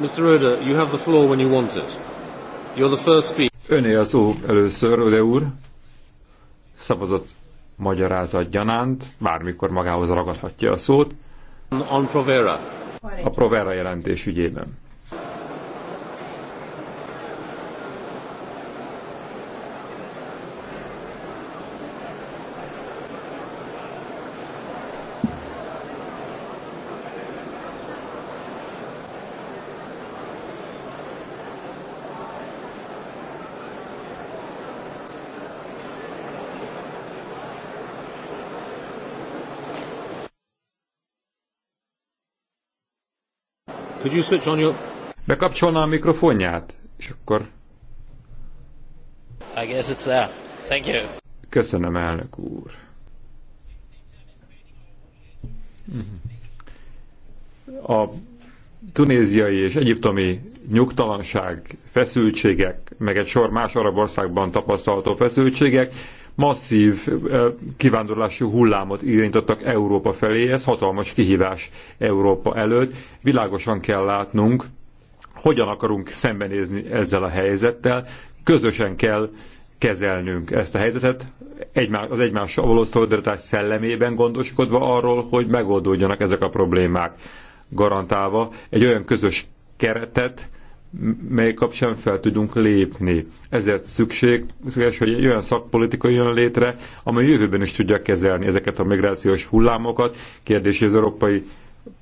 Mr. Röde, you have the floor when you want it. You're the first speaker. Öné a ó először, Röde úr. Szavazott magyarázat gyanánt, bármikor magához ragadhatja a szót. On Provera. A Provera jelentés ügyében. Could you switch on your... Bekapcsolna a mikrofonját, és akkor... I guess it's there. Thank you. Köszönöm, elnök úr. A tunéziai és egyiptomi nyugtalanság, feszültségek, meg egy sor más arab országban tapasztalható feszültségek masszív kivándorlási hullámot irányítottak Európa felé, ez hatalmas kihívás Európa előtt. Világosan kell látnunk, hogyan akarunk szembenézni ezzel a helyzettel, közösen kell kezelnünk ezt a helyzetet, az egymással való szolidaritás szellemében gondoskodva arról, hogy megoldódjanak ezek a problémák, garantálva egy olyan közös keretet, mely kapcsán fel tudunk lépni. Ezért szükség, szükséges, hogy egy olyan szakpolitika jön létre, amely jövőben is tudja kezelni ezeket a migrációs hullámokat. Kérdés az Európai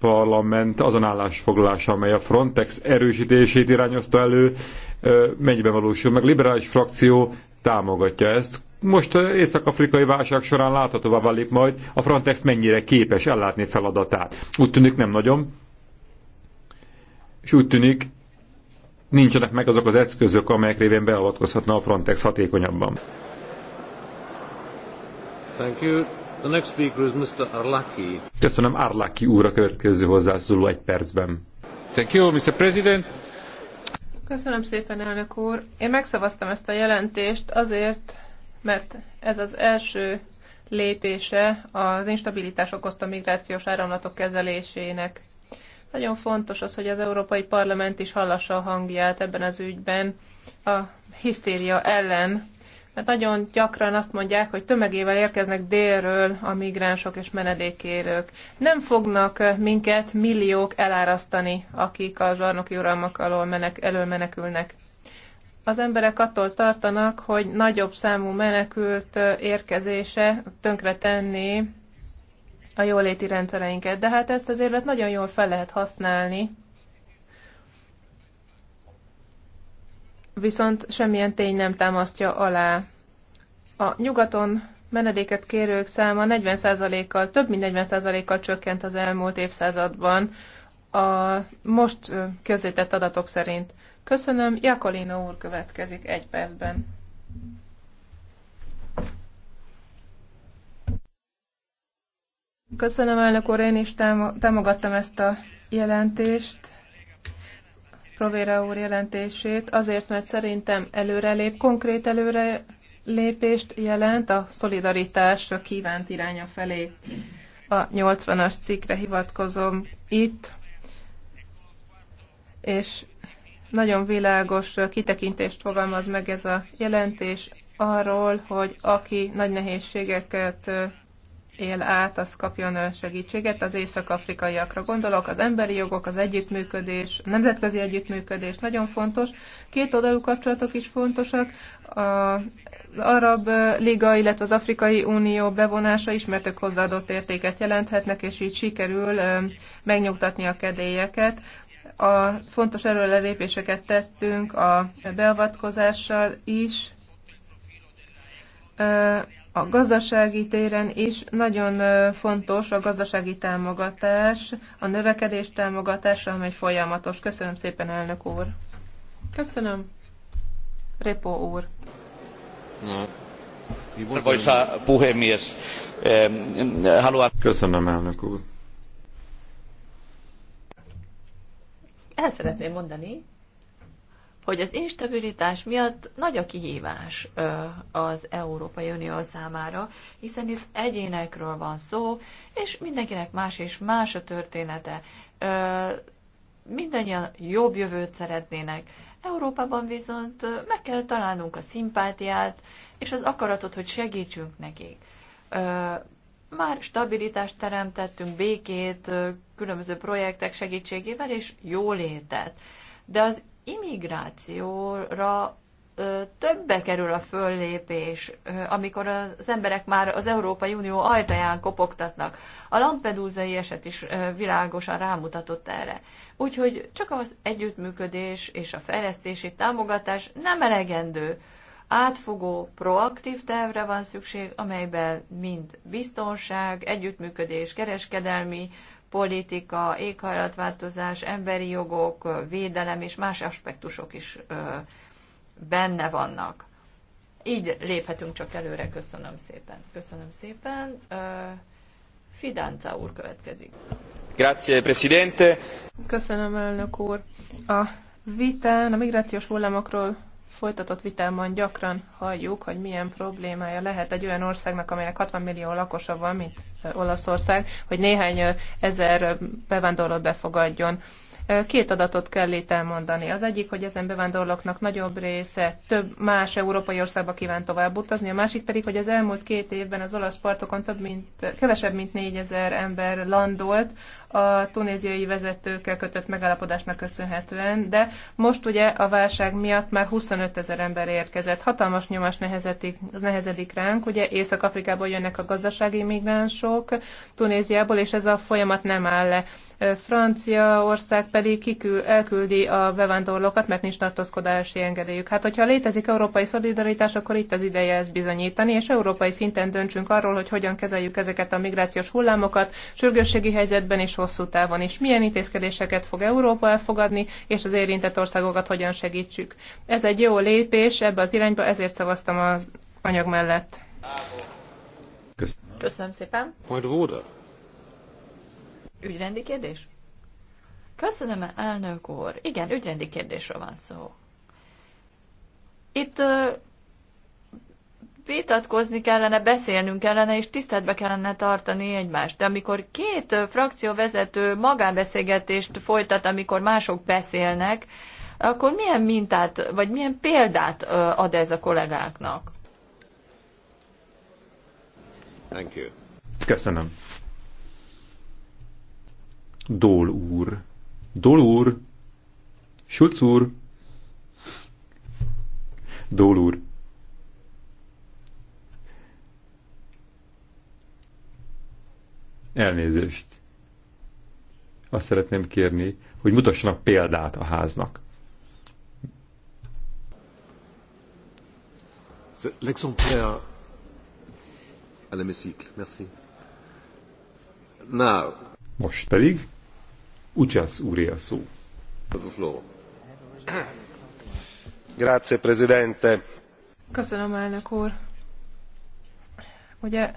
Parlament azon állásfoglalása, amely a Frontex erősítését irányozta elő, mennyiben valósul meg. Liberális frakció támogatja ezt. Most észak-afrikai válság során láthatóvá válik majd, a Frontex mennyire képes ellátni feladatát. Úgy tűnik nem nagyon, és úgy tűnik, nincsenek meg azok az eszközök, amelyek révén beavatkozhatna a Frontex hatékonyabban. Thank you. The next speaker is Mr. Arlaki. Köszönöm Arlaki úr a következő hozzászóló egy percben. Thank you, Mr. President. Köszönöm szépen, elnök úr. Én megszavaztam ezt a jelentést azért, mert ez az első lépése az instabilitás okozta migrációs áramlatok kezelésének nagyon fontos az, hogy az Európai Parlament is hallassa a hangját ebben az ügyben a hisztéria ellen, mert hát nagyon gyakran azt mondják, hogy tömegével érkeznek délről a migránsok és menedékérők. Nem fognak eh, minket milliók elárasztani, akik a zsarnoki uralmak alól menek, elől menekülnek. Az emberek attól tartanak, hogy nagyobb számú menekült eh, érkezése tönkretenné a jóléti rendszereinket. De hát ezt az érvet nagyon jól fel lehet használni, viszont semmilyen tény nem támasztja alá. A nyugaton menedéket kérők száma 40%-kal, több mint 40%-kal csökkent az elmúlt évszázadban, a most közzétett adatok szerint. Köszönöm, Jakolino úr következik egy percben. Köszönöm, elnök úr, én is támogattam ezt a jelentést, Provera úr jelentését, azért, mert szerintem előrelép, konkrét előrelépést jelent a szolidaritás a kívánt iránya felé. A 80-as cikkre hivatkozom itt, és nagyon világos kitekintést fogalmaz meg ez a jelentés arról, hogy aki nagy nehézségeket él át, az kapjon segítséget. Az észak-afrikaiakra gondolok, az emberi jogok, az együttműködés, a nemzetközi együttműködés nagyon fontos. Két oldalú kapcsolatok is fontosak. A Arab Liga, illetve az Afrikai Unió bevonása ők hozzáadott értéket jelenthetnek, és így sikerül megnyugtatni a kedélyeket a fontos erőlelépéseket tettünk a beavatkozással is, a gazdasági téren is nagyon fontos a gazdasági támogatás, a növekedés támogatása, amely folyamatos. Köszönöm szépen, elnök úr. Köszönöm. Repo úr. Köszönöm, elnök úr. El szeretném mondani, hogy az instabilitás miatt nagy a kihívás az Európai Unió számára, hiszen itt egyénekről van szó, és mindenkinek más és más a története. Mindennyian jobb jövőt szeretnének. Európában viszont meg kell találnunk a szimpátiát és az akaratot, hogy segítsünk nekik. Már stabilitást teremtettünk, békét, különböző projektek segítségével és jólétet. De az immigrációra többe kerül a föllépés, amikor az emberek már az Európai Unió ajtaján kopogtatnak. A Lampedúzai eset is világosan rámutatott erre. Úgyhogy csak az együttműködés és a fejlesztési támogatás nem elegendő. Átfogó, proaktív tervre van szükség, amelyben mind biztonság, együttműködés, kereskedelmi politika, éghajlatváltozás, emberi jogok, védelem és más aspektusok is benne vannak. Így léphetünk csak előre. Köszönöm szépen. Köszönöm szépen. Fidánca úr következik. Grazie, Presidente. Köszönöm, elnök úr. A vitán a migrációs hullámokról folytatott vitában gyakran halljuk, hogy milyen problémája lehet egy olyan országnak, amelynek 60 millió lakosa van, mint Olaszország, hogy néhány ezer bevándorlót befogadjon. Két adatot kell itt elmondani. Az egyik, hogy ezen bevándorlóknak nagyobb része több más európai országba kíván tovább utazni, a másik pedig, hogy az elmúlt két évben az olasz partokon több mint, kevesebb mint négyezer ember landolt, a tunéziai vezetőkkel kötött megállapodásnak köszönhetően, de most ugye a válság miatt már 25 ezer ember érkezett. Hatalmas nyomás nehezedik, nehezedik ránk, ugye Észak-Afrikából jönnek a gazdasági migránsok, Tunéziából, és ez a folyamat nem áll le. Franciaország pedig kikül, elküldi a bevándorlókat, mert nincs tartózkodási engedélyük. Hát, hogyha létezik európai szolidaritás, akkor itt az ideje ezt bizonyítani, és európai szinten döntsünk arról, hogy hogyan kezeljük ezeket a migrációs hullámokat, sürgősségi helyzetben és hosszú távon is. Milyen intézkedéseket fog Európa elfogadni, és az érintett országokat hogyan segítsük. Ez egy jó lépés ebbe az irányba, ezért szavaztam az anyag mellett. Köszönöm, Köszönöm szépen. Majd Vóda. Ügyrendi kérdés? Köszönöm, elnök úr. Igen, ügyrendi kérdésről van szó. Itt vitatkozni kellene, beszélnünk kellene, és tiszteletbe kellene tartani egymást. De amikor két frakció vezető magánbeszélgetést folytat, amikor mások beszélnek, akkor milyen mintát, vagy milyen példát ad ez a kollégáknak? Thank you. Köszönöm. Dól úr. Dól úr. Schulz úr. Dól úr. Elnézést. Azt szeretném kérni, hogy mutassanak példát a háznak. L'exemplaire à l'hémicycle. Merci. Now. Most pedig Ugyász úré a szó. Grazie, Presidente. Köszönöm, elnök úr. Ugye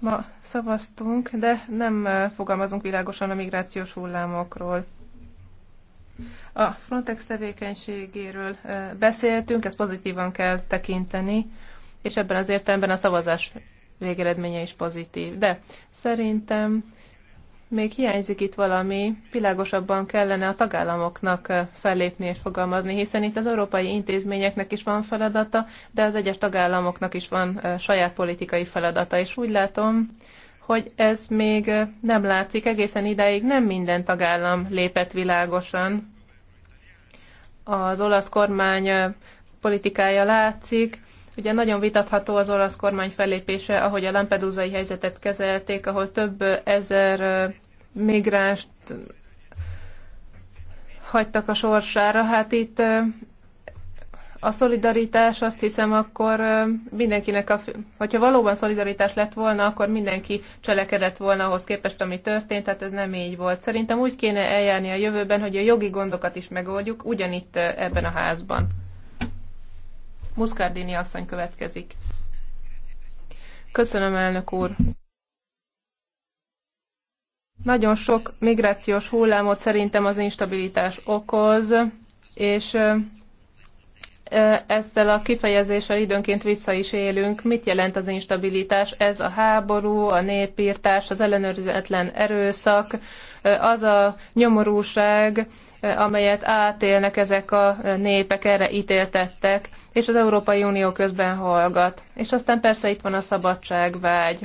Ma szavaztunk, de nem fogalmazunk világosan a migrációs hullámokról. A Frontex tevékenységéről beszéltünk, ezt pozitívan kell tekinteni, és ebben az értelemben a szavazás végeredménye is pozitív. De szerintem még hiányzik itt valami, világosabban kellene a tagállamoknak fellépni és fogalmazni, hiszen itt az európai intézményeknek is van feladata, de az egyes tagállamoknak is van saját politikai feladata, és úgy látom, hogy ez még nem látszik. Egészen idáig nem minden tagállam lépett világosan. Az olasz kormány politikája látszik, Ugye nagyon vitatható az olasz kormány fellépése, ahogy a lampedúzai helyzetet kezelték, ahol több ezer migránst hagytak a sorsára. Hát itt a szolidaritás azt hiszem akkor mindenkinek, a, hogyha valóban szolidaritás lett volna, akkor mindenki cselekedett volna ahhoz képest, ami történt, tehát ez nem így volt. Szerintem úgy kéne eljárni a jövőben, hogy a jogi gondokat is megoldjuk, ugyanitt ebben a házban. Muszkárdini asszony következik. Köszönöm, elnök úr. Nagyon sok migrációs hullámot szerintem az instabilitás okoz, és ezzel a kifejezéssel időnként vissza is élünk. Mit jelent az instabilitás? Ez a háború, a népírtás, az ellenőrizetlen erőszak, az a nyomorúság, amelyet átélnek ezek a népek, erre ítéltettek, és az Európai Unió közben hallgat. És aztán persze itt van a szabadságvágy.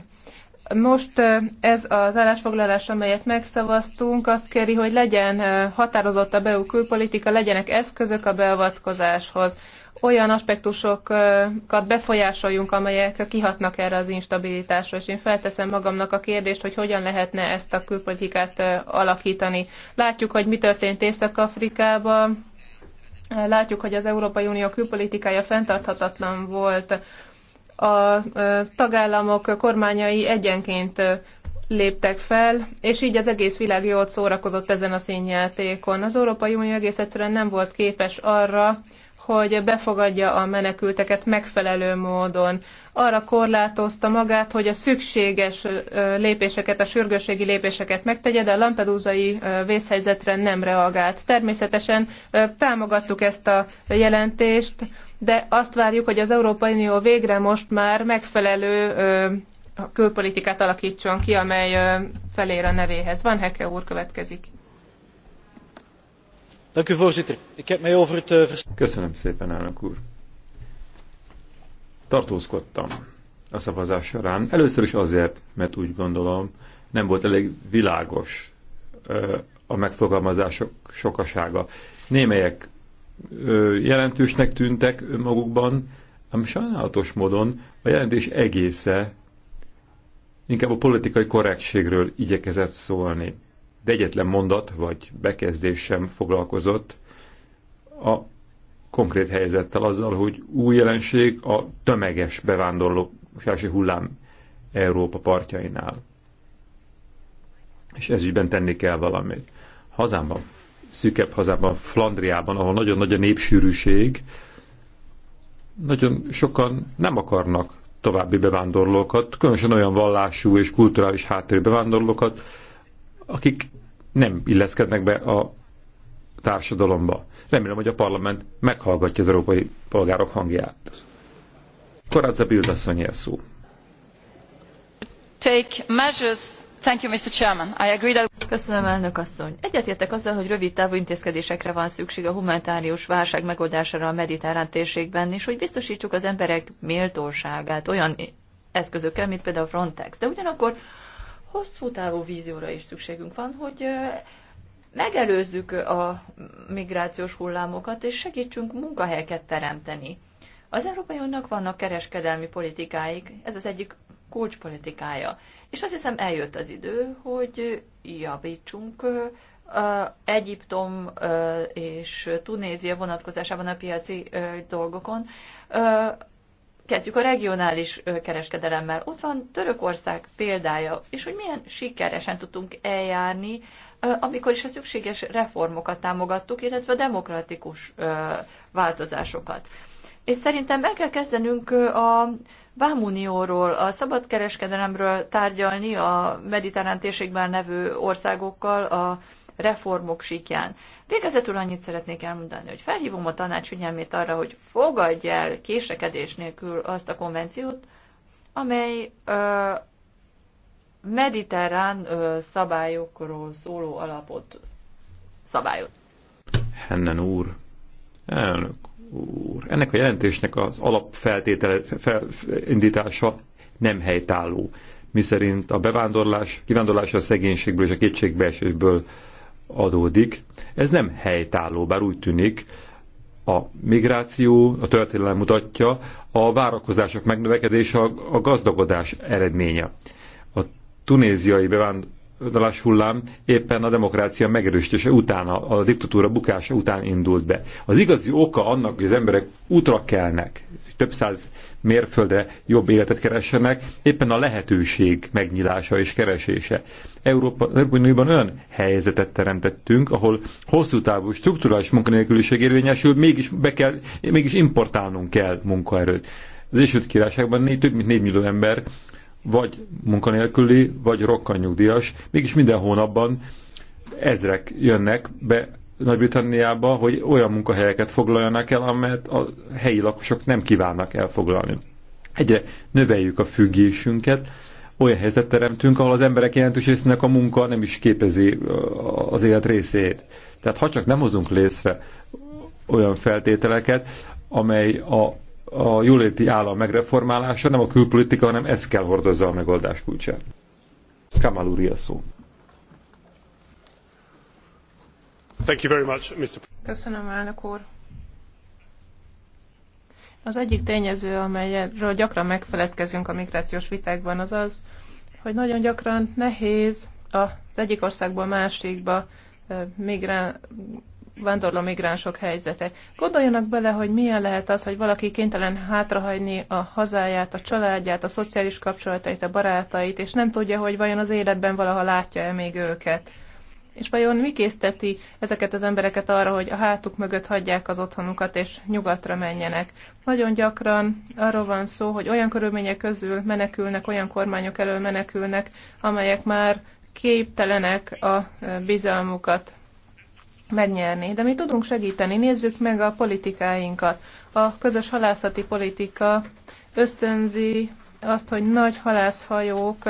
Most ez az állásfoglalás, amelyet megszavaztunk, azt kéri, hogy legyen határozottabb EU külpolitika, legyenek eszközök a beavatkozáshoz olyan aspektusokat befolyásoljunk, amelyek kihatnak erre az instabilitásra, és én felteszem magamnak a kérdést, hogy hogyan lehetne ezt a külpolitikát alakítani. Látjuk, hogy mi történt Észak-Afrikában, látjuk, hogy az Európai Unió külpolitikája fenntarthatatlan volt. A tagállamok kormányai egyenként léptek fel, és így az egész világ jól szórakozott ezen a színjátékon. Az Európai Unió egész egyszerűen nem volt képes arra, hogy befogadja a menekülteket megfelelő módon. Arra korlátozta magát, hogy a szükséges lépéseket, a sürgősségi lépéseket megtegye, de a lampedúzai vészhelyzetre nem reagált. Természetesen támogattuk ezt a jelentést, de azt várjuk, hogy az Európai Unió végre most már megfelelő külpolitikát alakítson ki, amely felér a nevéhez. Van Heke úr, következik voorzitter ik heb mij over het. Eh, köszönöm tartózkodtam a szavazás során először is azért mert úgy gondolom nem volt elég világos a megfogalmazások sokasága némelyek jelentősnek tűntek önmagukban ám sajnálatos módon a jelentés egésze inkább a politikai korrektségről igyekezett szólni de egyetlen mondat vagy bekezdés sem foglalkozott a konkrét helyzettel azzal, hogy új jelenség a tömeges bevándorlási hullám Európa partjainál. És ezügyben tenni kell valamit. Hazámban, szűkebb hazámban, Flandriában, ahol nagyon nagy a népsűrűség, nagyon sokan nem akarnak további bevándorlókat, különösen olyan vallású és kulturális háttérű bevándorlókat, akik nem illeszkednek be a társadalomba. Remélem, hogy a parlament meghallgatja az európai polgárok hangját. Korádza Bildasszony szó. Take measures Thank you, Mr. Chairman. I agree that. Köszönöm, elnök asszony. Egyetértek azzal, hogy rövid távú intézkedésekre van szükség a humanitárius válság megoldására a mediterrán térségben, és hogy biztosítsuk az emberek méltóságát olyan eszközökkel, mint például Frontex. De ugyanakkor hosszú távú vízióra is szükségünk van, hogy megelőzzük a migrációs hullámokat, és segítsünk munkahelyeket teremteni. Az Európai Uniónak vannak kereskedelmi politikáik, ez az egyik kulcspolitikája. És azt hiszem eljött az idő, hogy javítsunk Egyiptom és Tunézia vonatkozásában a piaci dolgokon, Kezdjük a regionális kereskedelemmel. Ott van Törökország példája, és hogy milyen sikeresen tudtunk eljárni, amikor is a szükséges reformokat támogattuk, illetve a demokratikus változásokat. És szerintem el kell kezdenünk a Vámunióról, a szabadkereskedelemről tárgyalni a mediterrán térségben levő országokkal a reformok síkján. Végezetül annyit szeretnék elmondani, hogy felhívom a tanács figyelmét arra, hogy fogadj el késrekedés nélkül azt a konvenciót, amely ö, mediterrán ö, szabályokról szóló alapot szabályot. Hennen úr, elnök úr, ennek a jelentésnek az alapfeltétele, fel, indítása nem helytálló, miszerint a bevándorlás, kivándorlás a szegénységből és a kétségbeesésből adódik. Ez nem helytálló, bár úgy tűnik, a migráció, a történelem mutatja, a várakozások megnövekedése a, gazdagodás eredménye. A tunéziai bevándorlás áramlás hullám éppen a demokrácia megerősítése után, a, a diktatúra bukása után indult be. Az igazi oka annak, hogy az emberek útra kelnek, több száz mérföldre jobb életet keressenek, éppen a lehetőség megnyilása és keresése. Európa, Európai Unióban olyan helyzetet teremtettünk, ahol hosszú távú strukturális munkanélküliség érvényesül, mégis, be kell, mégis importálnunk kell munkaerőt. Az Egyesült Királyságban több mint 4 millió ember vagy munkanélküli, vagy rokkanyugdíjas, mégis minden hónapban ezrek jönnek be Nagy-Britanniába, hogy olyan munkahelyeket foglaljanak el, amelyet a helyi lakosok nem kívánnak elfoglalni. Egyre növeljük a függésünket, olyan helyzet teremtünk, ahol az emberek jelentős részének a munka nem is képezi uh, az élet részét. Tehát ha csak nem hozunk létre olyan feltételeket, amely a a jóléti állam megreformálása, nem a külpolitika, hanem ez kell hordozza a megoldás kulcsát. Kamal úr, szó. Thank you very much, Mr. Köszönöm, elnök úr. Az egyik tényező, amelyről gyakran megfeledkezünk a migrációs vitákban, az az, hogy nagyon gyakran nehéz az egyik országból másikba migrá- vándorló migránsok helyzete. Gondoljanak bele, hogy milyen lehet az, hogy valaki kénytelen hátrahagyni a hazáját, a családját, a szociális kapcsolatait, a barátait, és nem tudja, hogy vajon az életben valaha látja-e még őket. És vajon mi készteti ezeket az embereket arra, hogy a hátuk mögött hagyják az otthonukat és nyugatra menjenek? Nagyon gyakran arról van szó, hogy olyan körülmények közül menekülnek, olyan kormányok elől menekülnek, amelyek már képtelenek a e, bizalmukat megnyerni. De mi tudunk segíteni, nézzük meg a politikáinkat. A közös halászati politika ösztönzi azt, hogy nagy halászhajók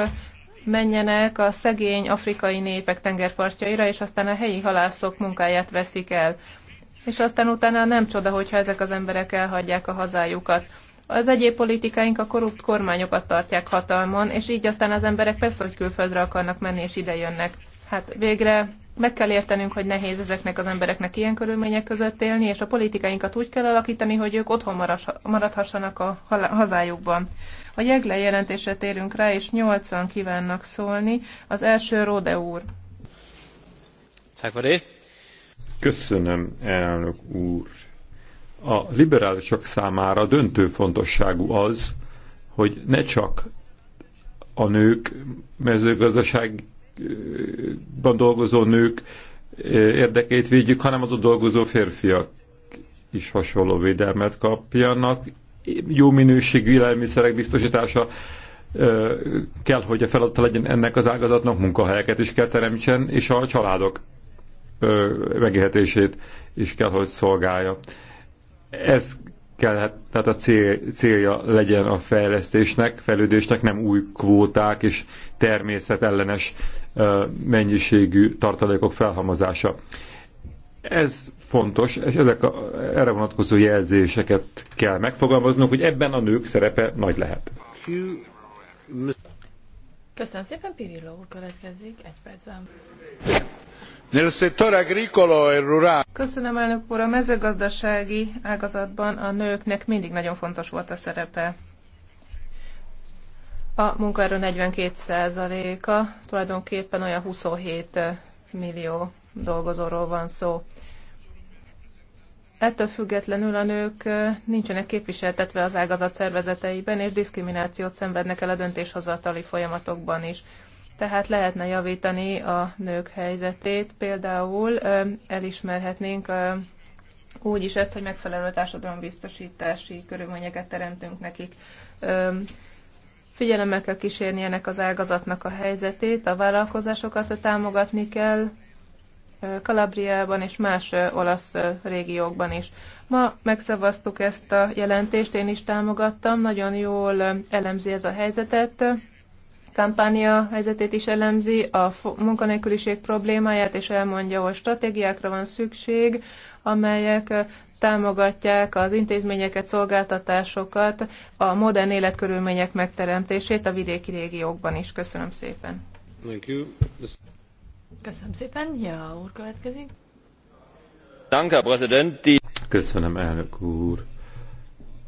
menjenek a szegény afrikai népek tengerpartjaira, és aztán a helyi halászok munkáját veszik el. És aztán utána nem csoda, hogyha ezek az emberek elhagyják a hazájukat. Az egyéb politikáink a korrupt kormányokat tartják hatalmon, és így aztán az emberek persze, hogy külföldre akarnak menni, és ide jönnek. Hát végre meg kell értenünk, hogy nehéz ezeknek az embereknek ilyen körülmények között élni, és a politikáinkat úgy kell alakítani, hogy ők otthon maradhassanak a hazájukban. A jegle jelentésre térünk rá, és nyolcan kívánnak szólni. Az első Rode úr. Köszönöm, elnök úr. A liberálisok számára döntő fontosságú az, hogy ne csak a nők mezőgazdasági dolgozó nők eh, érdekeit védjük, hanem az ott dolgozó férfiak is hasonló védelmet kapjanak. Jó minőségű élelmiszerek biztosítása eh, kell, hogy a feladata legyen ennek az ágazatnak, munkahelyeket is kell teremtsen, és a családok eh, megélhetését is kell, hogy szolgálja. Ez kell, tehát a cél, célja legyen a fejlesztésnek, fejlődésnek, nem új kvóták és természetellenes mennyiségű tartalékok felhalmozása. Ez fontos, és ezek a, erre vonatkozó jelzéseket kell megfogalmaznunk, hogy ebben a nők szerepe nagy lehet. Köszönöm szépen, Pirillo úr következik, egy percben. agricolo e Köszönöm, elnök úr, a mezőgazdasági ágazatban a nőknek mindig nagyon fontos volt a szerepe. A munkaerő 42%-a tulajdonképpen olyan 27 eh, millió dolgozóról van szó. Ettől függetlenül a nők eh, nincsenek képviseltetve az ágazat szervezeteiben, és diszkriminációt szenvednek el a döntéshozatali folyamatokban is. Tehát lehetne javítani a nők helyzetét, például eh, elismerhetnénk úgy is ezt, hogy megfelelő társadalombiztosítási körülményeket teremtünk nekik Figyelemmel kell kísérni ennek az ágazatnak a helyzetét, a vállalkozásokat támogatni kell, Kalabriában és más olasz régiókban is. Ma megszavaztuk ezt a jelentést, én is támogattam, nagyon jól elemzi ez a helyzetet, kampánia helyzetét is elemzi, a munkanélküliség problémáját, és elmondja, hogy stratégiákra van szükség, amelyek támogatják az intézményeket, szolgáltatásokat, a modern életkörülmények megteremtését a vidéki régiókban is. Köszönöm szépen. Thank you. Köszönöm szépen. Ja, úr következik. Köszönöm, elnök úr.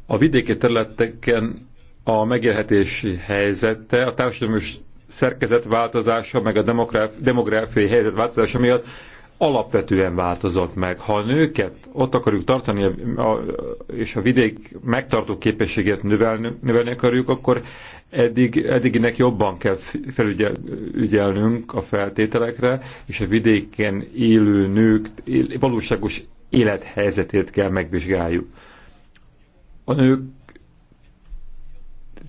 A vidéki területeken a megélhetési helyzete, a társadalmi szerkezet változása, meg a demográfiai helyzet változása miatt alapvetően változott meg. Ha a nőket ott akarjuk tartani, a, a, és a vidék megtartó képességét növelni, növelni akarjuk, akkor eddig, eddiginek jobban kell felügyelnünk a feltételekre, és a vidéken élő nők valóságos élethelyzetét kell megvizsgáljuk. A nők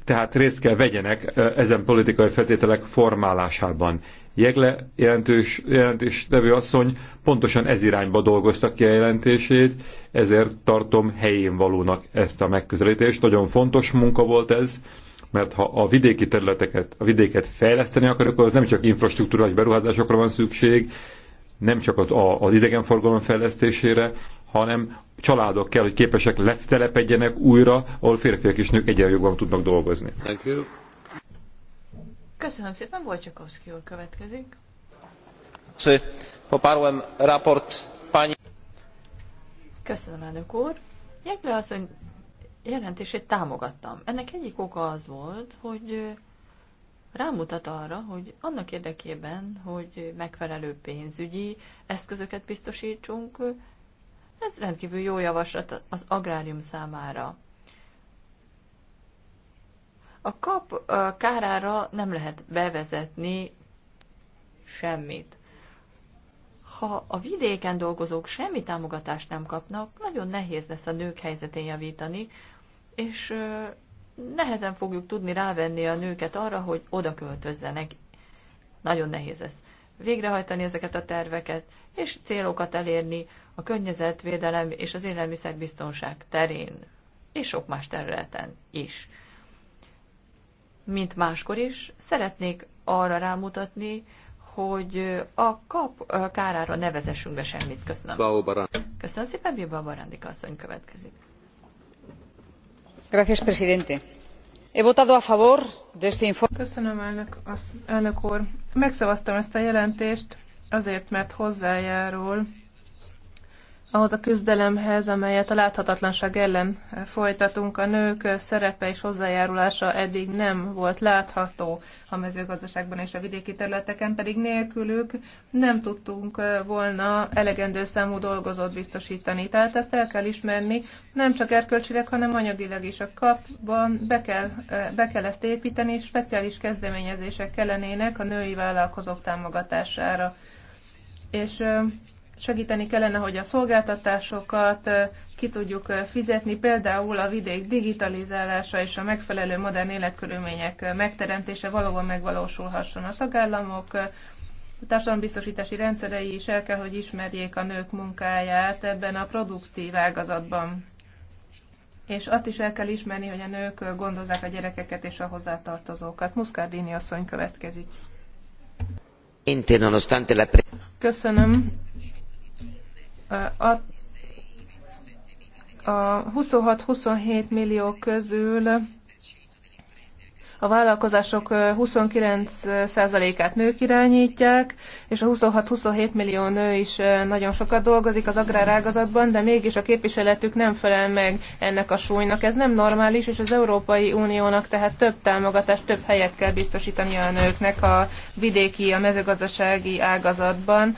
tehát részt kell vegyenek e, ezen politikai feltételek formálásában. Jegle jelentős, jelentés nevű asszony pontosan ez irányba dolgoztak ki a jelentését, ezért tartom helyén valónak ezt a megközelítést. Nagyon fontos munka volt ez, mert ha a vidéki területeket, a vidéket fejleszteni akarjuk, akkor az nem csak infrastruktúrás beruházásokra van szükség, nem csak az, az idegenforgalom fejlesztésére, hanem családok kell, hogy képesek letelepedjenek újra, ahol férfiak és nők egyenjogban tudnak dolgozni. Thank you. Köszönöm szépen, Wojciechowski úr következik. Poparłem raport pani... Köszönöm, elnök úr. Jegle asszony jelentését támogattam. Ennek egyik oka az volt, hogy rámutat arra, hogy annak érdekében, hogy megfelelő pénzügyi eszközöket biztosítsunk, ez rendkívül jó javaslat az agrárium számára. A kap kárára nem lehet bevezetni semmit. Ha a vidéken dolgozók semmi támogatást nem kapnak, nagyon nehéz lesz a nők helyzetén javítani, és nehezen fogjuk tudni rávenni a nőket arra, hogy oda költözzenek. Nagyon nehéz ez. Végrehajtani ezeket a terveket, és célokat elérni a környezetvédelem és az élelmiszerbiztonság terén, és sok más területen is mint máskor is, szeretnék arra rámutatni, hogy a kap kárára ne vezessünk be semmit. Köszönöm. Köszönöm szépen, Bilbao Barándika asszony következik. Gracias, presidente. He votado a favor de este informe. Köszönöm, elnök, az, elnök úr. Megszavaztam ezt a jelentést azért, mert hozzájárul ahhoz a küzdelemhez, amelyet a láthatatlanság ellen folytatunk. A nők szerepe és hozzájárulása eddig nem volt látható a mezőgazdaságban és a vidéki területeken, pedig nélkülük nem tudtunk volna elegendő számú dolgozót biztosítani. Tehát ezt el kell ismerni, nem csak erkölcsileg, hanem anyagilag is. A kapban be kell, be kell ezt építeni, speciális kezdeményezések kellenének a női vállalkozók támogatására. És segíteni kellene, hogy a szolgáltatásokat ki tudjuk fizetni, például a vidék digitalizálása és a megfelelő modern életkörülmények megteremtése valóban megvalósulhasson. A tagállamok a társadalombiztosítási rendszerei is el kell, hogy ismerjék a nők munkáját ebben a produktív ágazatban. És azt is el kell ismerni, hogy a nők gondozzák a gyerekeket és a hozzátartozókat. Muscardini asszony következik. Köszönöm, a, a 26-27 millió közül a vállalkozások 29%-át nők irányítják, és a 26-27 millió nő is nagyon sokat dolgozik az agrárágazatban, de mégis a képviseletük nem felel meg ennek a súlynak. Ez nem normális, és az Európai Uniónak tehát több támogatást, több helyet kell biztosítani a nőknek a vidéki, a mezőgazdasági ágazatban,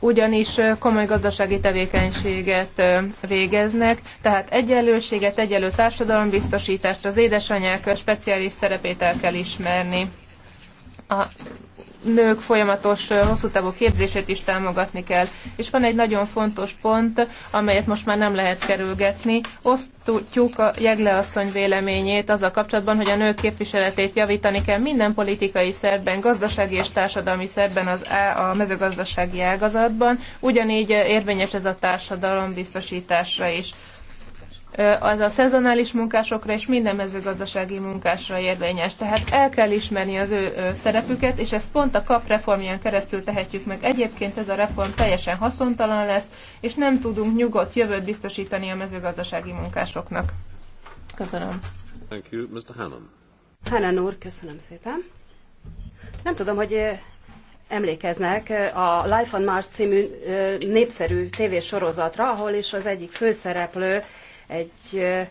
ugyanis komoly gazdasági tevékenységet végeznek, tehát egyenlőséget, egyenlő társadalombiztosítást, az édesanyák speciális szerepét el kell ismerni. A nők folyamatos hosszú távú képzését is támogatni kell. És van egy nagyon fontos pont, amelyet most már nem lehet kerülgetni. Osztjuk a Jegle asszony véleményét az a kapcsolatban, hogy a nők képviseletét javítani kell minden politikai szerben, gazdasági és társadalmi szerben az a mezőgazdasági ágazatban. Ugyanígy érvényes ez a társadalom biztosításra is az a szezonális munkásokra és minden mezőgazdasági munkásra érvényes. Tehát el kell ismerni az ő szerepüket, és ezt pont a kap reformján keresztül tehetjük meg. Egyébként ez a reform teljesen haszontalan lesz, és nem tudunk nyugodt jövőt biztosítani a mezőgazdasági munkásoknak. Köszönöm. Thank you, Mr. Hannan. Hannan úr, köszönöm szépen. Nem tudom, hogy emlékeznek a Life on Mars című népszerű tévésorozatra, ahol is az egyik főszereplő egy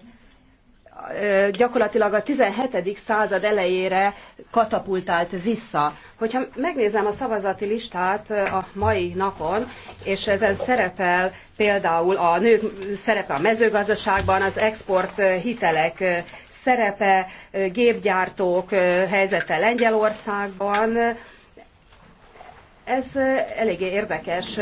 gyakorlatilag a 17. század elejére katapultált vissza. Hogyha megnézem a szavazati listát a mai napon, és ezen szerepel például a nők szerepe a mezőgazdaságban, az export hitelek szerepe, gépgyártók helyzete Lengyelországban, ez eléggé érdekes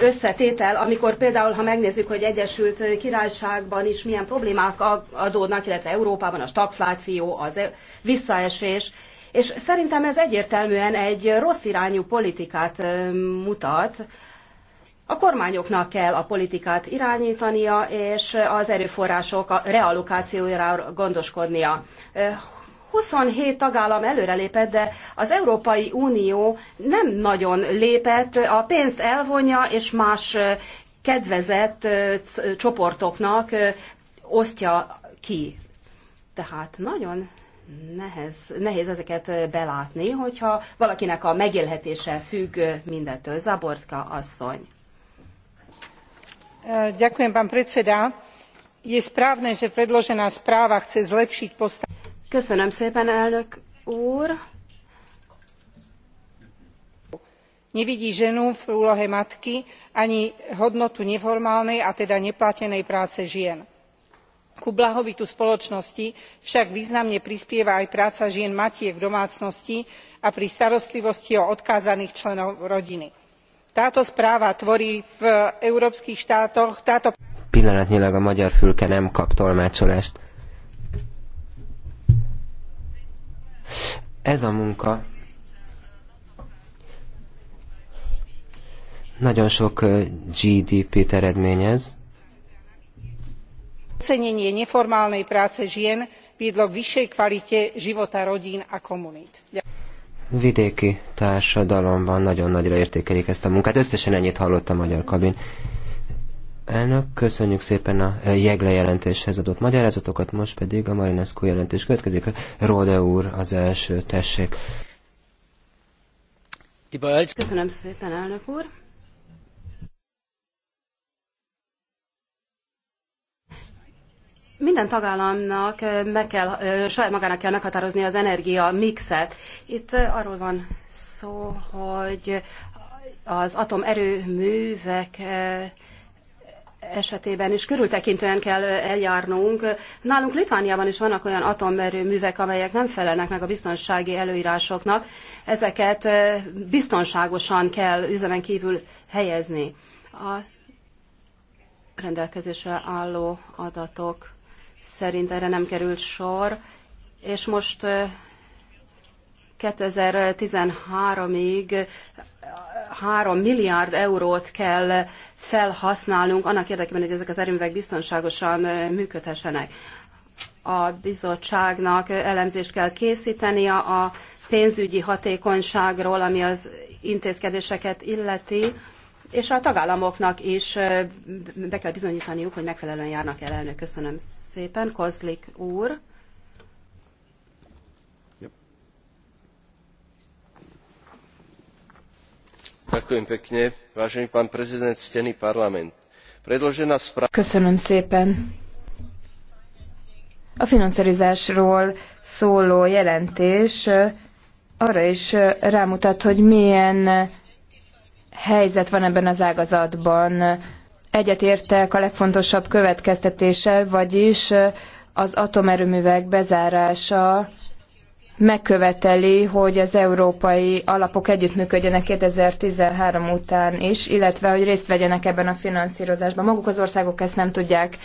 összetétel, amikor például, ha megnézzük, hogy Egyesült Királyságban is milyen problémák adódnak, illetve Európában a stagfláció, az e, visszaesés, és szerintem ez egyértelműen egy rossz irányú politikát mutat, a kormányoknak kell a politikát irányítania, és az erőforrások realokációjára gondoskodnia. 27 tagállam előrelépett, de az Európai Unió nem nagyon lépett, a pénzt elvonja, és más kedvezett csoportoknak osztja ki. Tehát nagyon nehez, nehéz ezeket belátni, hogyha valakinek a megélhetése függ mindettől. Zaborska asszony. Ďakujem, pán predseda. Je správne, že predložená správa chce zlepšiť postavenie Köszönöm szépen, elnök úr. nevidí ženu v úlohe matky ani hodnotu neformálnej a teda neplatenej práce žien. ku blahobytu spoločnosti však významne prispieva aj práca žien matiek v domácnosti a pri starostlivosti o odkázaných členov rodiny. táto správa tvorí v európskych štátoch táto pillanatnyilag a magyar fülke nem kap tolmácsolást. Ez a munka nagyon sok GDP-t eredményez. Ocenenie neformálnej práce žien viedlo k vyššej kvalite života rodín a komunít. Vidéki társadalomban nagyon nagyra értékelik ezt a munkát. Összesen ennyit hallott a magyar kabin. Elnök, köszönjük szépen a eh, jegle jelentéshez adott magyarázatokat, most pedig a Marinescu jelentés következik. Rode úr az első, tessék. Köszönöm szépen, elnök úr. Minden tagállamnak eh, meg kell, eh, saját magának kell meghatározni az energia mixet. Itt arról van szó, hogy az atomerőművek esetében is körültekintően kell eljárnunk. Nálunk Litvániában is vannak olyan atomerőművek, amelyek nem felelnek meg a biztonsági előírásoknak. Ezeket biztonságosan kell üzemen kívül helyezni. A rendelkezésre álló adatok szerint erre nem került sor, és most 2013-ig 3 milliárd eurót kell felhasználnunk annak érdekében, hogy ezek az erőművek biztonságosan működhessenek. A bizottságnak elemzést kell készíteni a pénzügyi hatékonyságról, ami az intézkedéseket illeti, és a tagállamoknak is be kell bizonyítaniuk, hogy megfelelően járnak el elnök. Köszönöm szépen, Kozlik úr. Köszönöm szépen. A finanszírozásról szóló jelentés arra is rámutat, hogy milyen helyzet van ebben az ágazatban. Egyetértek a legfontosabb következtetéssel, vagyis az atomerőművek bezárása megköveteli, hogy az európai alapok együttműködjenek 2013 után is, illetve hogy részt vegyenek ebben a finanszírozásban. Maguk az országok ezt nem tudják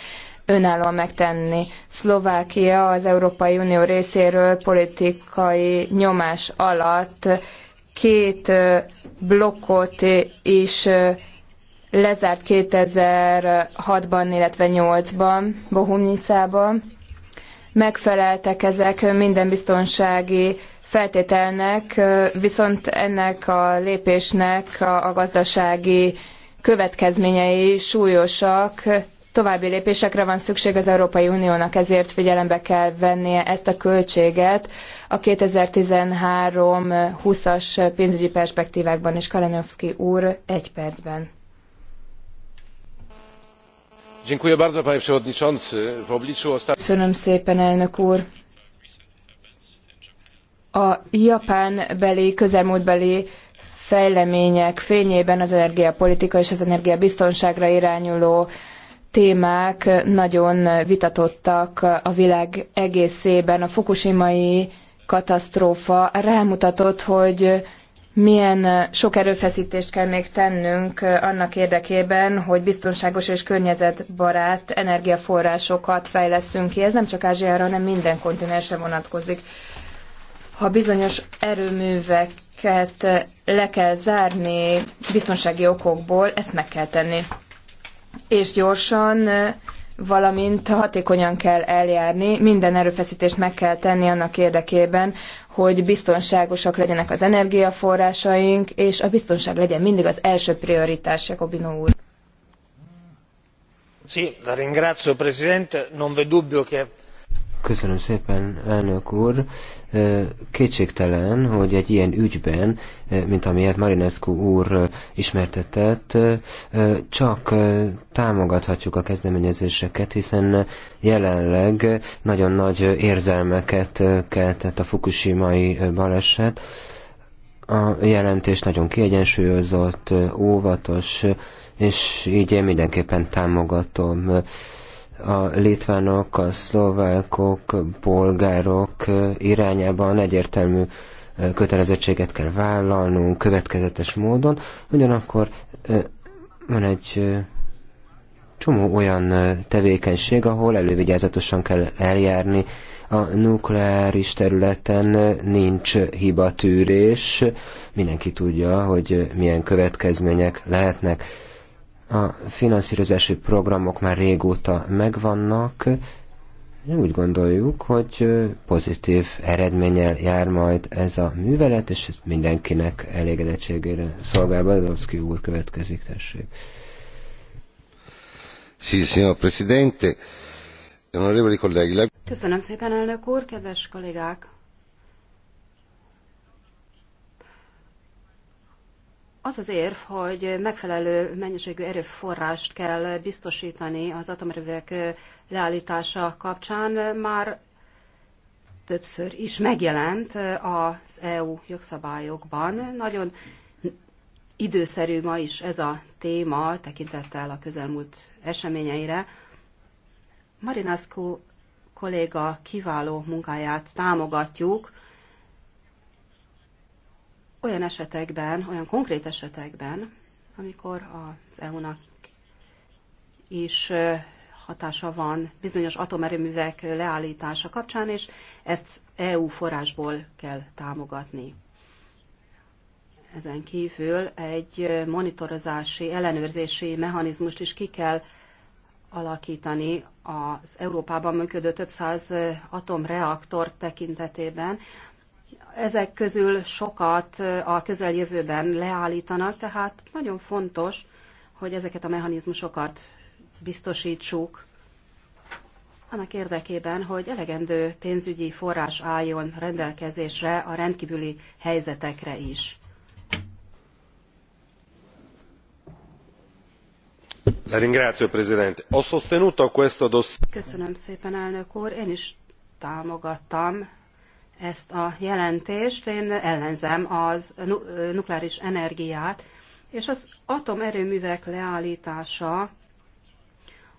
önállóan megtenni. Szlovákia az Európai Unió részéről politikai nyomás alatt két blokkot is lezárt 2006-ban, illetve 2008-ban, Bohunicában megfeleltek ezek minden biztonsági feltételnek, viszont ennek a lépésnek a gazdasági következményei súlyosak, további lépésekre van szükség az Európai Uniónak, ezért figyelembe kell vennie ezt a költséget a 2013-20-as pénzügyi perspektívákban is. Kalinowski úr, egy percben. Köszönöm szépen, elnök úr. A japánbeli, közelmúltbeli fejlemények fényében az energiapolitika és az energiabiztonságra irányuló témák nagyon vitatottak a világ egészében. A fukushimai katasztrófa rámutatott, hogy milyen sok erőfeszítést kell még tennünk annak érdekében, hogy biztonságos és környezetbarát energiaforrásokat fejleszünk ki. Ez nem csak Ázsiára, hanem minden kontinensre vonatkozik. Ha bizonyos erőműveket le kell zárni biztonsági okokból, ezt meg kell tenni. És gyorsan, valamint hatékonyan kell eljárni, minden erőfeszítést meg kell tenni annak érdekében, hogy biztonságosak legyenek az energiaforrásaink, és a biztonság legyen mindig az első prioritás, Jakobino úr. Sí, ringrazio, Presidente. Non v'è dubbio che Köszönöm szépen, elnök úr. Kétségtelen, hogy egy ilyen ügyben, mint amilyet Marinescu úr ismertetett, csak támogathatjuk a kezdeményezéseket, hiszen jelenleg nagyon nagy érzelmeket keltett a fukushimai baleset. A jelentés nagyon kiegyensúlyozott, óvatos, és így én mindenképpen támogatom a litvánok, a szlovákok, polgárok irányában egyértelmű kötelezettséget kell vállalnunk következetes módon, ugyanakkor van egy csomó olyan tevékenység, ahol elővigyázatosan kell eljárni. A nukleáris területen nincs hibatűrés, mindenki tudja, hogy milyen következmények lehetnek a finanszírozási programok már régóta megvannak, úgy gondoljuk, hogy pozitív eredménnyel jár majd ez a művelet, és ez mindenkinek elégedettségére szolgál. Badalszki úr következik, tessék. Sí, signor Presidente. Onorevoli colleghi. Köszönöm szépen, elnök úr, kedves kollégák! az az érv, hogy megfelelő mennyiségű erőforrást kell biztosítani az atomerővek leállítása kapcsán, már többször is megjelent az EU jogszabályokban. Nagyon időszerű ma is ez a téma, tekintettel a közelmúlt eseményeire. Marinescu kolléga kiváló munkáját támogatjuk, olyan esetekben, olyan konkrét esetekben, amikor az EU-nak is hatása van bizonyos atomerőművek leállítása kapcsán, és ezt EU forrásból kell támogatni. Ezen kívül egy monitorozási, ellenőrzési mechanizmust is ki kell alakítani az Európában működő több száz atomreaktor tekintetében, ezek közül sokat a közeljövőben leállítanak, tehát nagyon fontos, hogy ezeket a mechanizmusokat biztosítsuk annak érdekében, hogy elegendő pénzügyi forrás álljon rendelkezésre a rendkívüli helyzetekre is. Köszönöm szépen, elnök úr. Én is támogattam ezt a jelentést. Én ellenzem az nukleáris energiát, és az atomerőművek leállítása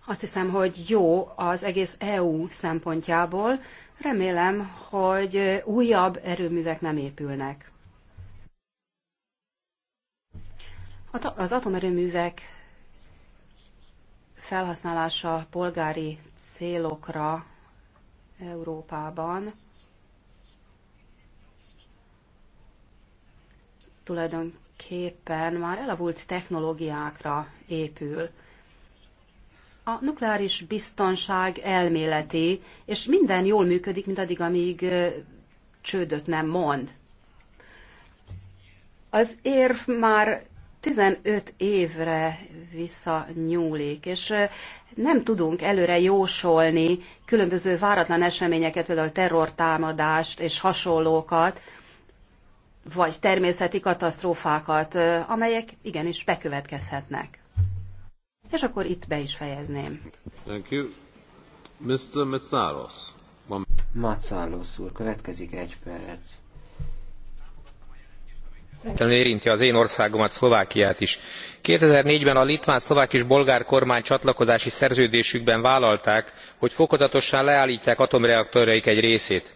azt hiszem, hogy jó az egész EU szempontjából. Remélem, hogy újabb erőművek nem épülnek. Az atomerőművek felhasználása polgári célokra Európában tulajdonképpen már elavult technológiákra épül. A nukleáris biztonság elméleti, és minden jól működik, mint addig, amíg csődöt nem mond. Az érv már 15 évre visszanyúlik, és nem tudunk előre jósolni különböző váratlan eseményeket, például terrortámadást és hasonlókat, vagy természeti katasztrófákat, amelyek igenis bekövetkezhetnek. És akkor itt be is fejezném. Thank you. Mr. Metzáros. Macálos úr, következik egy perc. Szerintem érinti az én országomat, Szlovákiát is. 2004-ben a litván, szlovák és bolgár kormány csatlakozási szerződésükben vállalták, hogy fokozatosan leállítják atomreaktoraik egy részét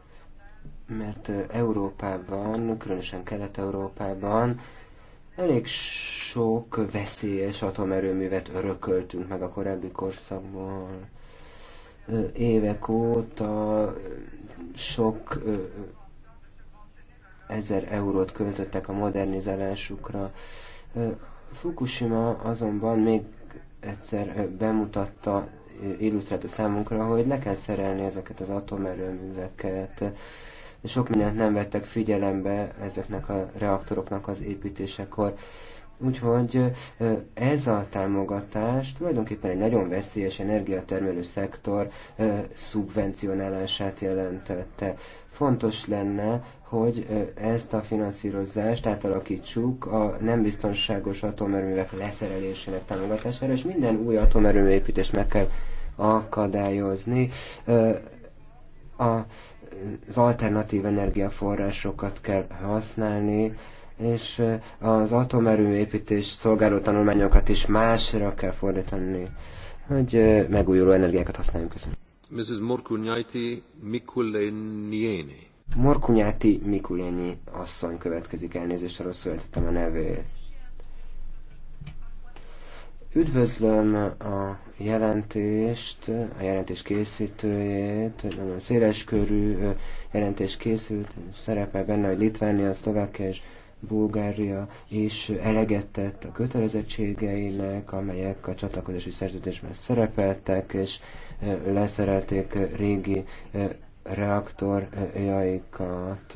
mert Európában, különösen Kelet-Európában elég sok veszélyes atomerőművet örököltünk meg a korábbi korszakból. Évek óta sok ezer eurót költöttek a modernizálásukra. Fukushima azonban még egyszer bemutatta, illusztrálta számunkra, hogy le kell szerelni ezeket az atomerőműveket, sok mindent nem vettek figyelembe ezeknek a reaktoroknak az építésekor. Úgyhogy ez a támogatás tulajdonképpen egy nagyon veszélyes energiatermelő szektor szubvencionálását jelentette. Fontos lenne, hogy ezt a finanszírozást átalakítsuk a nem biztonságos atomerőművek leszerelésének támogatására, és minden új atomerőmű építést meg kell akadályozni. A az alternatív energiaforrásokat kell használni, és eh, az atomerőépítés szolgáló tanulmányokat is másra kell fordítani, hogy eh, megújuló energiákat használjunk. Köszönöm. Mrs. Morkunyáti Mikulényi. Morkunyáti Mikulényi, asszony következik, elnézést, rosszul a nevét. Üdvözlöm a jelentést, a jelentés készítőjét, nagyon széles körű jelentés készült, szerepel benne, hogy Litvánia, Szlovákia és Bulgária is elegetett a kötelezettségeinek, amelyek a csatlakozási szerződésben szerepeltek, és leszerelték régi reaktorjaikat.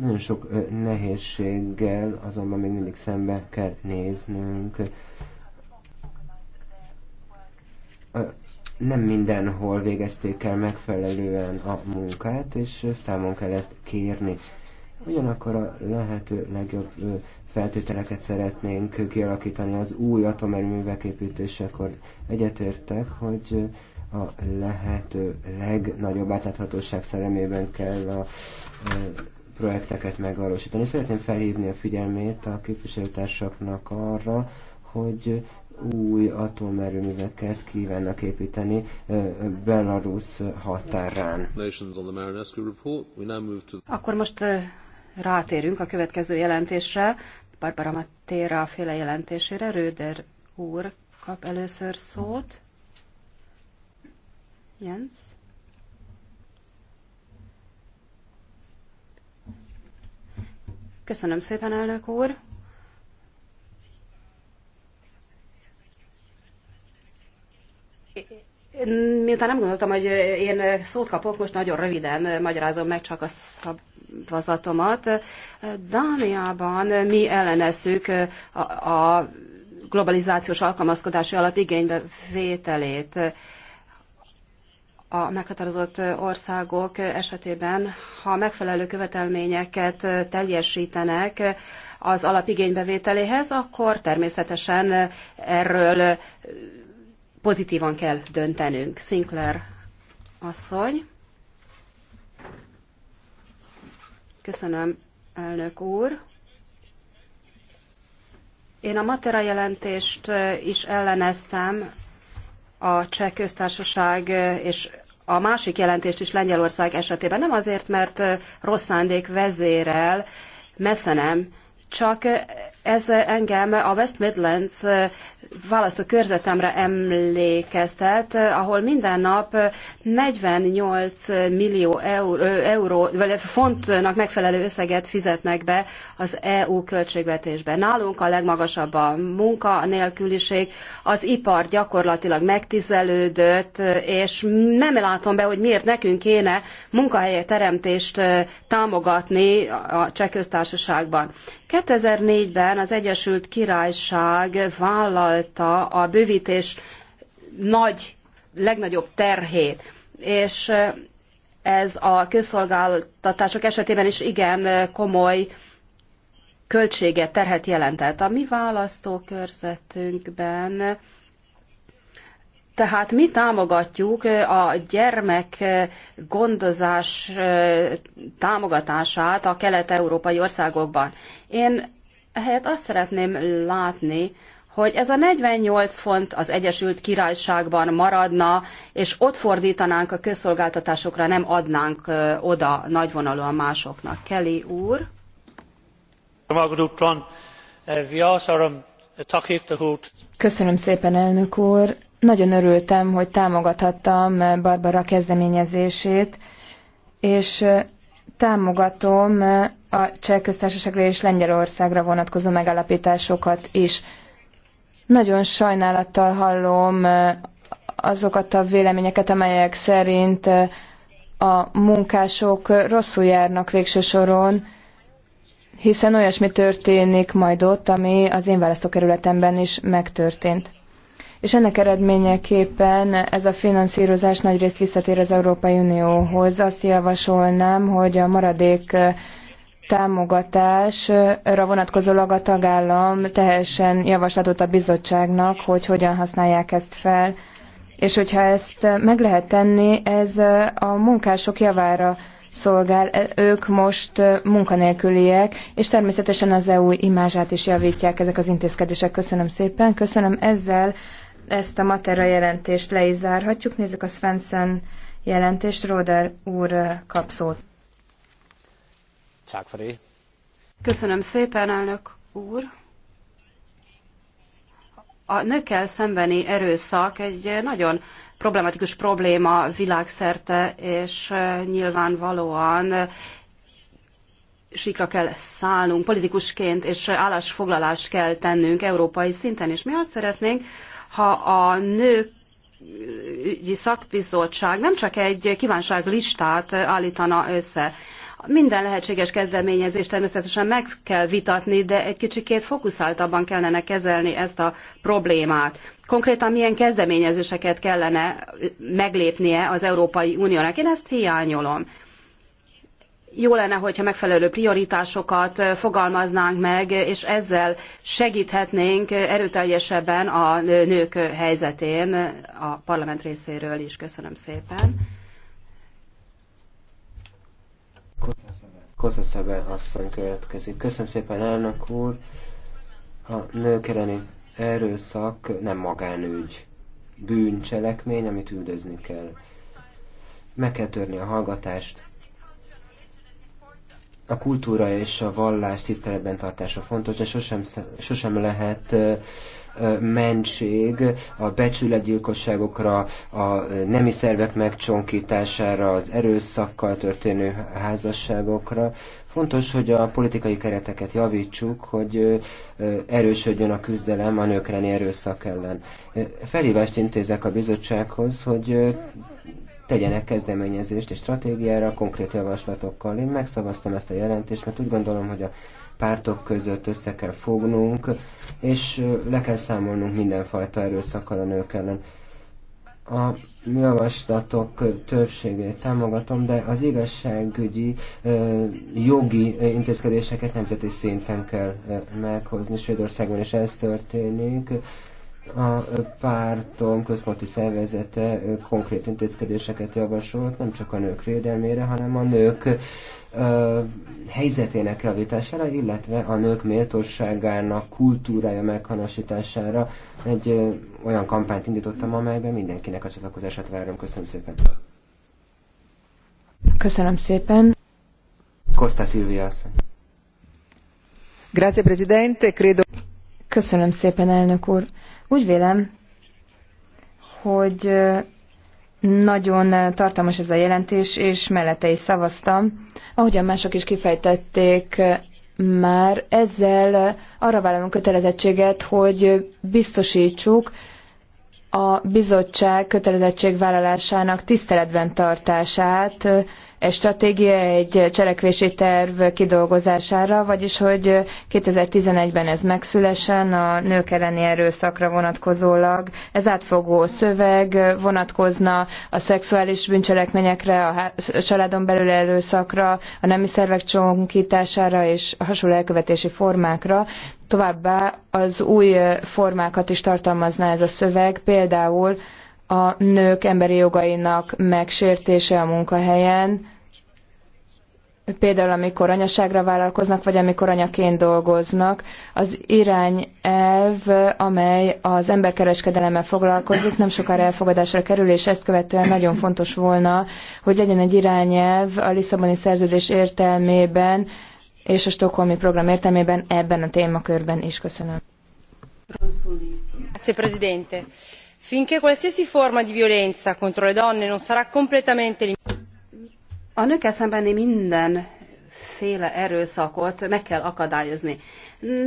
Nagyon sok nehézséggel azonban még mindig szembe kell néznünk. Nem mindenhol végezték el megfelelően a munkát, és számon kell ezt kérni. Ugyanakkor a lehető legjobb feltételeket szeretnénk kialakítani az új atomerőművek építésekor. Egyetértek, hogy a lehető legnagyobb átláthatóság szeremében kell a projekteket megvalósítani. Szeretném felhívni a figyelmét a képviselőtársaknak arra, hogy új atomerőműveket kívánnak építeni Belarus határán. Akkor most rátérünk a következő jelentésre, Barbara Matera féle jelentésére. Röder úr kap először szót. Jens? Köszönöm szépen, elnök úr. Miután nem gondoltam, hogy én szót kapok, most nagyon röviden magyarázom meg csak a szavazatomat. Dániában mi elleneztük a, a globalizációs alkalmazkodási alap igénybevételét. vételét a meghatározott országok esetében, ha megfelelő követelményeket teljesítenek az alapigénybevételéhez, akkor természetesen erről pozitívan kell döntenünk. Sinclair asszony. Köszönöm, elnök úr. Én a Matera jelentést is elleneztem, a cseh köztársaság és a másik jelentést is Lengyelország esetében. Nem azért, mert rossz szándék vezérel, messze nem, csak ez engem a West Midlands körzetemre emlékeztet, ahol minden nap 48 millió euró, euró vagy hát fontnak megfelelő összeget fizetnek be az EU költségvetésbe. Nálunk a legmagasabb a munkanélküliség, az ipar gyakorlatilag megtizelődött, és nem látom be, hogy miért nekünk kéne munkahelyek teremtést támogatni a cseh köztársaságban. 2004-ben az Egyesült Királyság vállal vállalta a bővítés nagy, legnagyobb terhét, és ez a közszolgáltatások esetében is igen komoly költséget, terhet jelentett. A mi választókörzetünkben tehát mi támogatjuk a gyermek gondozás támogatását a kelet-európai országokban. Én ehelyett azt szeretném látni, hogy ez a 48 font az Egyesült Királyságban maradna, és ott fordítanánk a közszolgáltatásokra, nem adnánk oda nagyvonalúan másoknak. Kelly úr. Eh, eh, Köszönöm szépen, elnök úr. Nagyon örültem, hogy támogathattam eh, Barbara kezdeményezését, és támogatom a Cseh köztársaságra és Lengyelországra vonatkozó megállapításokat is. Nagyon sajnálattal hallom azokat a véleményeket, amelyek szerint a munkások rosszul járnak végső soron, hiszen olyasmi történik majd ott, ami az én választókerületemben is megtörtént. És ennek eredményeképpen ez a finanszírozás nagyrészt visszatér az Európai Unióhoz. Azt javasolnám, hogy a maradék támogatásra vonatkozólag a tagállam tehessen javaslatot a bizottságnak, hogy hogyan használják ezt fel. És hogyha ezt meg lehet tenni, ez a munkások javára szolgál. Ők most munkanélküliek, és természetesen az EU imázsát is javítják ezek az intézkedések. Köszönöm szépen. Köszönöm ezzel ezt a Matera jelentést le is zárhatjuk. Nézzük a Svensson jelentést. Roder úr kap szót. Köszönöm szépen, elnök úr. A nőkkel szembeni erőszak egy nagyon problematikus probléma világszerte, és eh, nyilvánvalóan eh, sikra kell szállnunk politikusként, és állásfoglalást kell tennünk európai szinten, és mi azt szeretnénk, ha a nőügyi szakbizottság nem csak egy kívánságlistát eh, állítana össze. Minden lehetséges kezdeményezést természetesen meg kell vitatni, de egy kicsikét fokuszáltabban kellene kezelni ezt a problémát. Konkrétan milyen kezdeményezéseket kellene meglépnie az Európai Uniónak? Én ezt hiányolom jó lenne, hogyha megfelelő prioritásokat fogalmaznánk meg, és ezzel segíthetnénk erőteljesebben a nők helyzetén a parlament részéről is. Köszönöm szépen. Kota asszony következik. Köszönöm szépen, elnök úr. A nők elleni erőszak nem magánügy, bűncselekmény, amit üldözni kell. Meg kell törni a hallgatást. A kultúra és a vallás tiszteletben tartása fontos, de sosem, sosem lehet uh, mentség a becsületgyilkosságokra, a nemi szervek megcsonkítására, az erőszakkal történő házasságokra. Fontos, hogy a politikai kereteket javítsuk, hogy erősödjön a küzdelem a nőkreni erőszak ellen. Felhívást intézek a bizottsághoz, hogy tegyenek kezdeményezést és stratégiára, konkrét javaslatokkal. Én megszavaztam ezt a jelentést, mert úgy gondolom, hogy a pártok között össze kell fognunk, és le kell számolnunk mindenfajta erőszakkal a nők ellen. A javaslatok többségét támogatom, de az igazságügyi jogi intézkedéseket nemzeti szinten kell meghozni. Svédországban is ez történik a pártom központi szervezete konkrét intézkedéseket javasolt, nem csak a nők védelmére, hanem a nők ö, helyzetének javítására, illetve a nők méltóságának kultúrája meghanasítására. Egy ö, olyan kampányt indítottam, amelyben mindenkinek a csatlakozását várom. Köszönöm szépen. Köszönöm szépen. Costa Silvia asszony. Grazie, Presidente. Credo... Köszönöm szépen, elnök úr. Úgy vélem, hogy nagyon tartalmas ez a jelentés, és mellette is szavaztam. Ahogyan mások is kifejtették már, ezzel arra vállalunk kötelezettséget, hogy biztosítsuk a bizottság kötelezettségvállalásának tiszteletben tartását, stratégia, egy cselekvési terv kidolgozására, vagyis hogy 2011-ben ez megszülesen a nők elleni erőszakra vonatkozólag. Ez átfogó szöveg vonatkozna a szexuális bűncselekményekre, a családon belül erőszakra, a nemi szervek csonkítására és a hasonló elkövetési formákra. Továbbá az új formákat is tartalmazná ez a szöveg, például a nők emberi jogainak megsértése a munkahelyen, például amikor anyaságra vállalkoznak, vagy amikor anyaként dolgoznak, az irányelv, amely az emberkereskedelemmel foglalkozik, nem sokára elfogadásra kerül, és ezt követően nagyon fontos volna, hogy legyen egy irányelv a Lisszaboni szerződés értelmében és a Stockholmi program értelmében ebben a témakörben is. Köszönöm. Grazie, Presidente finché qualsiasi forma di violenza contro le donne non sarà completamente a nőkkel szembeni mindenféle erőszakot meg kell akadályozni.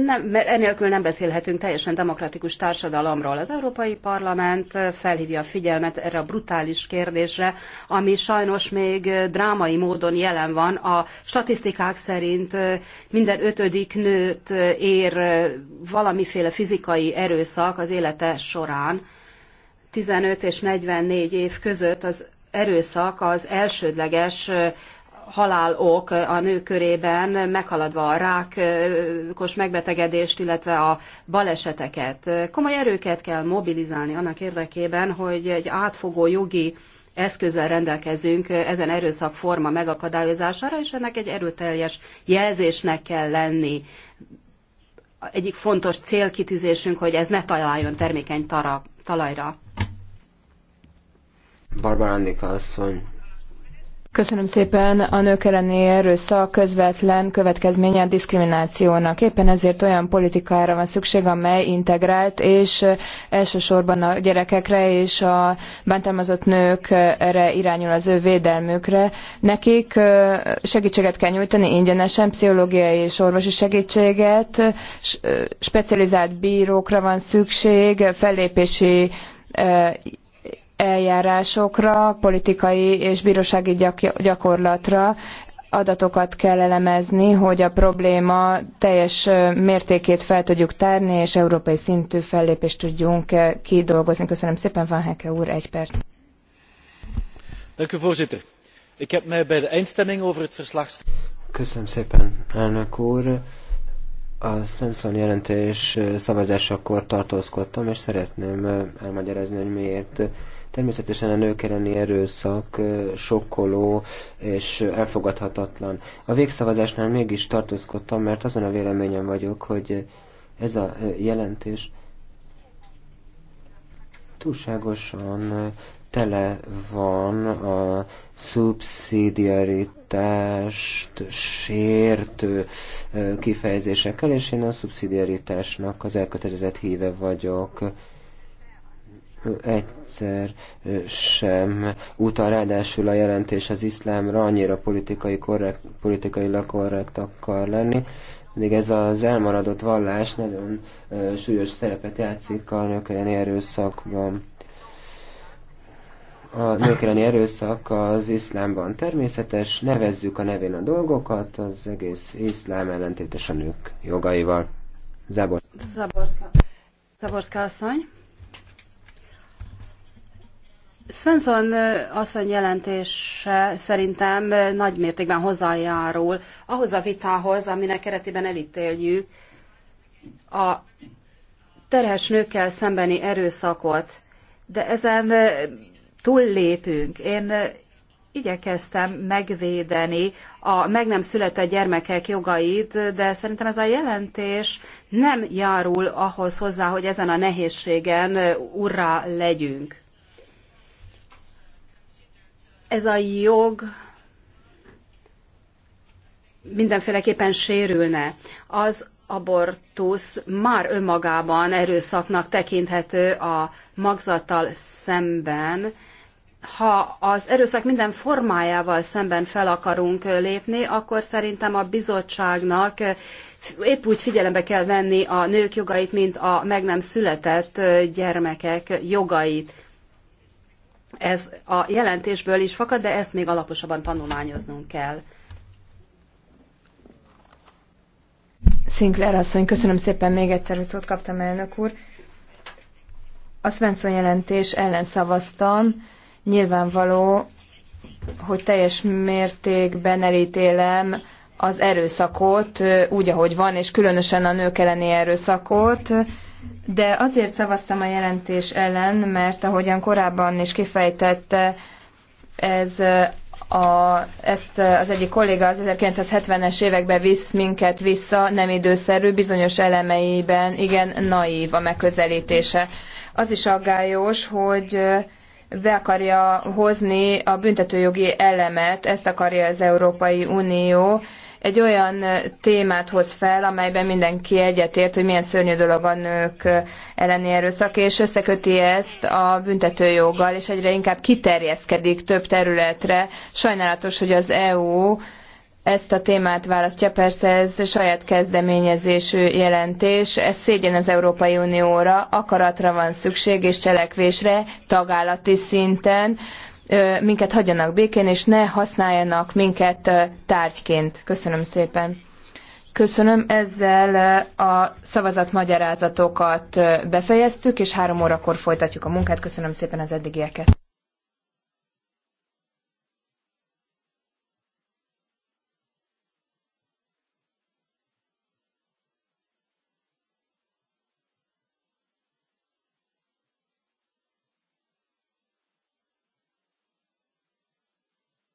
Nem, mert enélkül nem beszélhetünk teljesen demokratikus társadalomról. Az Európai Parlament felhívja a figyelmet erre a brutális kérdésre, ami sajnos még drámai módon jelen van. A statisztikák szerint minden ötödik nőt ér valamiféle fizikai erőszak az élete során 15 és 44 év között az erőszak az elsődleges halálok a nők körében, meghaladva a rákos megbetegedést, illetve a baleseteket. Komoly erőket kell mobilizálni annak érdekében, hogy egy átfogó jogi eszközzel rendelkezünk ezen erőszak forma megakadályozására, és ennek egy erőteljes jelzésnek kell lenni. Egyik fontos célkitűzésünk, hogy ez ne találjon termékeny tara, talajra. Barbara Annika asszony. Köszönöm szépen. A nők elleni erőszak közvetlen következménye a diszkriminációnak. Éppen ezért olyan politikára van szükség, amely integrált, és elsősorban a gyerekekre és a bántalmazott nőkre irányul az ő védelmükre. Nekik segítséget kell nyújtani ingyenesen, pszichológiai és orvosi segítséget, specializált bírókra van szükség, fellépési eljárásokra, politikai és bírósági gyakorlatra adatokat kell elemezni, hogy a probléma teljes mértékét fel tudjuk tárni, és európai szintű fellépést tudjunk kidolgozni. Köszönöm szépen, Van Heke úr, egy perc. Köszönöm szépen, elnök úr. A Samson jelentés szavazásakor tartózkodtam, és szeretném elmagyarázni, hogy miért Természetesen a nők elleni erőszak sokkoló és elfogadhatatlan. A végszavazásnál mégis tartózkodtam, mert azon a véleményem vagyok, hogy ez a jelentés túlságosan tele van a szubszidiaritást sértő kifejezésekkel, és én a szubszidiaritásnak az elkötelezett híve vagyok egyszer sem utal ráadásul a jelentés az iszlámra, annyira politikai korrekt, politikailag korrekt akar lenni. Még ez az elmaradott vallás nagyon súlyos szerepet játszik a nők erőszakban. A nők erőszak az iszlámban természetes, nevezzük a nevén a dolgokat, az egész iszlám ellentétes a nők jogaival. Zaborska. Zaborska asszony. Svensson asszony jelentése szerintem nagy mértékben hozzájárul ahhoz a vitához, aminek keretében elítéljük a terhes nőkkel szembeni erőszakot, de ezen túllépünk. Én igyekeztem megvédeni a meg nem született gyermekek jogait, de szerintem ez a jelentés nem járul ahhoz hozzá, hogy ezen a nehézségen urrá legyünk ez a jog mindenféleképpen sérülne. Az abortusz már önmagában erőszaknak tekinthető a magzattal szemben. Ha az erőszak minden formájával szemben fel akarunk lépni, akkor szerintem a bizottságnak épp úgy figyelembe kell venni a nők jogait, mint a meg nem született gyermekek jogait. Ez a jelentésből is fakad, de ezt még alaposabban tanulmányoznunk kell. Sinclair asszony, köszönöm szépen még egyszer, hogy szót kaptam, elnök úr. A Svensson jelentés ellen szavaztam. Nyilvánvaló, hogy teljes mértékben elítélem az erőszakot úgy, ahogy van, és különösen a nők elleni erőszakot de azért szavaztam a jelentés ellen, mert ahogyan korábban is kifejtette, ez a, ezt az egyik kolléga az 1970-es években visz minket vissza, nem időszerű, bizonyos elemeiben igen naív a megközelítése. Az is aggályos, hogy be akarja hozni a büntetőjogi elemet, ezt akarja az Európai Unió, egy olyan témát hoz fel, amelyben mindenki egyetért, hogy milyen szörnyű dolog a nők elleni erőszak, és összeköti ezt a büntetőjoggal, és egyre inkább kiterjeszkedik több területre. Sajnálatos, hogy az EU ezt a témát választja, persze ez saját kezdeményezésű jelentés, ez szégyen az Európai Unióra, akaratra van szükség és cselekvésre tagállati szinten, minket hagyjanak békén, és ne használjanak minket tárgyként. Köszönöm szépen. Köszönöm, ezzel a szavazatmagyarázatokat befejeztük, és három órakor folytatjuk a munkát. Köszönöm szépen az eddigieket.